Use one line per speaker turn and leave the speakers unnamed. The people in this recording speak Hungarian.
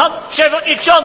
Hát, Pan przewodniczący!